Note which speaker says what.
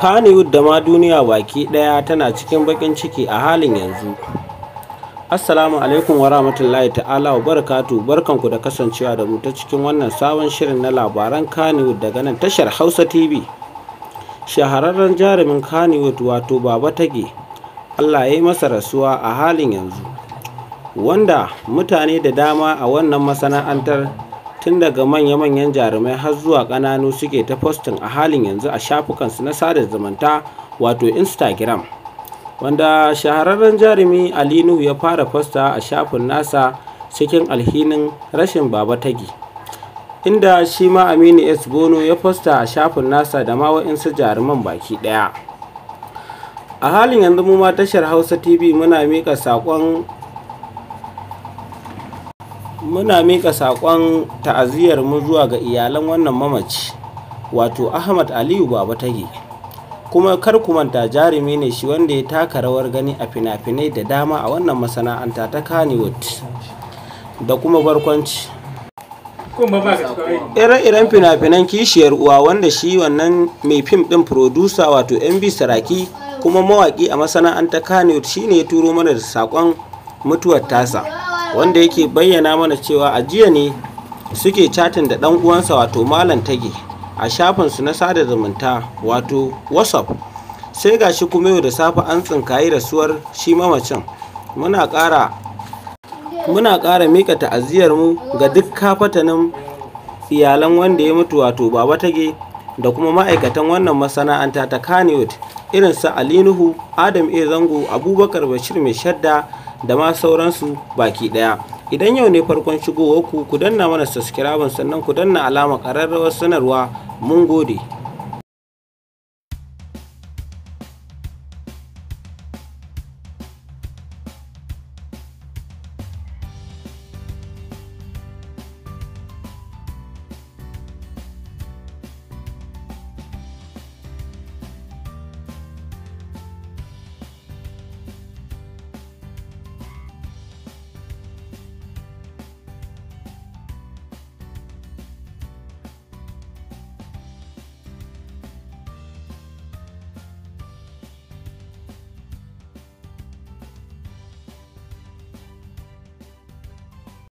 Speaker 1: Kannywood da ma duniya baki ɗaya tana cikin baƙin ciki a halin yanzu. Assalamu alaikum wa rahmatullahi ta'ala wa barakatuhu. Barkanku da kasancewa da mu ta cikin wannan sabon shirin na labaran Kaniwood daga nan tashar Hausa TV. Shahararren jarumin Kannywood wato Baba Tage, Allah ya yi masa rasuwa a halin yanzu, wanda mutane da dama a wannan masana'antar tun daga manya-manyan jarumai har zuwa ƙananu suke ta postin a halin yanzu a shafukansu na sada zumunta wato instagram wanda shahararren jarumi alinu ya fara fosta a shafin nasa cikin alhinin rashin baba tagi inda shi ma aminu s bono ya fosta a shafin nasa da ma wa'insu jaruman baki ɗaya a halin yanzu mu ma tashar hausa tv muna mika saƙon muna mika saƙon mu zuwa ga iyalan wannan mamaci wato ahmad aliyu babatage kuma kar ku manta jarumi ne shi wanda ya taka rawar gani a fina-finai da dama a wannan masana'anta ta kanewood da kuma barkwanci ire-iren fina-finan kishiyar uwa wanda shi wannan mai fim ɗin furodusa wato mb saraki kuma mawaƙi a masana'anta kanewood ne ya turo mana da saƙon mutuwar tasa wanda yake bayyana mana cewa a jiya ne suke chatin da ɗan uwansa wato malam tage a shafin su na sada zumunta wato whatsapp sai gashi kuma yau da safe an tsinkayi rasuwar shi mamacin muna ƙara muna ƙara miƙa ta'aziyarmu ga duk kafatanin iyalan wanda ya mutu wato baba tage da kuma ma'aikatan wannan masana'anta ta Kannywood irin su Alinuhu, Adam e Zango, Abubakar Bashir mai shadda da ma sauransu baki daya. Idan yau ne farkon shigowa ku ku danna mana subscribe sannan ku danna alama ƙararrawar sanarwa mun gode.